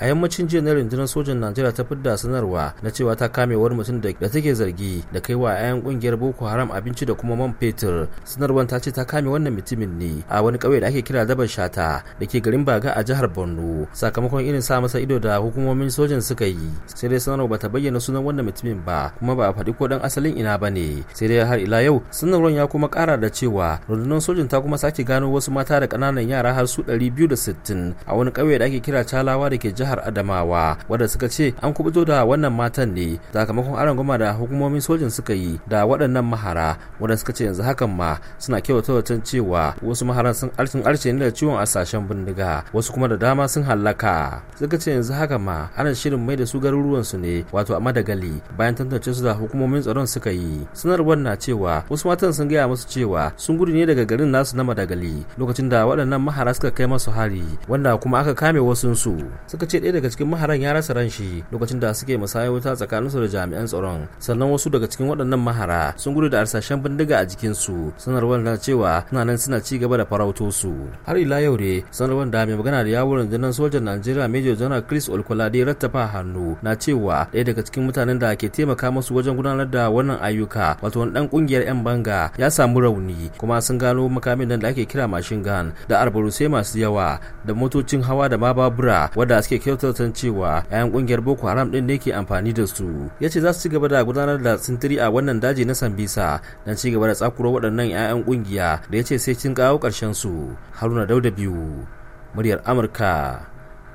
a yammacin jiya na rundunar sojan najeriya ta fidda sanarwa na cewa ta kame wani mutum da take zargi da kai wa 'yan kungiyar boko haram abinci da kuma man fetur sanarwar ta ce ta kame wannan mutumin ne a wani ƙauye da ake kira dabar shata da ke garin baga a jihar borno sakamakon irin sa masa ido da hukumomin sojan suka yi sai dai sanarwa bata bayyana sunan wannan mutumin ba kuma ba a faɗi ko dan asalin ina ba ne sai dai har ila yau sanarwar ya kuma ƙara da cewa rundunar sojan ta kuma sake gano wasu mata da ƙananan yara har su 260 a wani ƙauye da ake kira calawa da ke jihar jihar adamawa wadda suka ce an kubuto da wannan matan ne sakamakon aranguma da hukumomin sojin suka yi da waɗannan mahara wadda suka ce yanzu hakan ma suna kyautata cewa wasu maharan sun arcin arce ne da ciwon a sashen bindiga wasu kuma da dama sun hallaka suka ce yanzu haka ma ana shirin mai da su garuruwan su ne wato a madagali bayan tantance su da hukumomin tsaron suka yi sanarwar na cewa wasu matan sun gaya musu cewa sun gudu ne daga garin nasu na madagali lokacin da waɗannan mahara suka kai masu hari wanda kuma aka kame wasunsu suka ce ce ɗaya daga cikin maharan ya rasa ran shi lokacin da suke musaya wuta su da jami'an tsaron sannan wasu daga cikin waɗannan mahara sun gudu da arsashen bindiga a jikin su sanarwar na cewa suna nan suna ci gaba da farauto su har ila yau ne sanarwar da mai magana da yawon rundunar sojan najeriya major general chris olkolade rattafa hannu na cewa ɗaya daga cikin mutanen da ke taimaka musu wajen gudanar da wannan ayyuka wato wani ɗan kungiyar 'yan banga ya samu rauni kuma sun gano makamin nan da ake kira machine gun da arbarusai masu yawa da motocin hawa da ma babura wadda suke kyautatan cewa 'yan kungiyar boko haram din ne ke amfani da su yace ce za su ci gaba da gudanar da sintiri a wannan daji na sambisa don ci gaba da tsakuro waɗannan 'ya'yan kungiya da yace sai cin kawo ƙarshen su haruna dauda biyu muryar amurka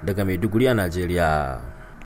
daga maiduguri a najeriya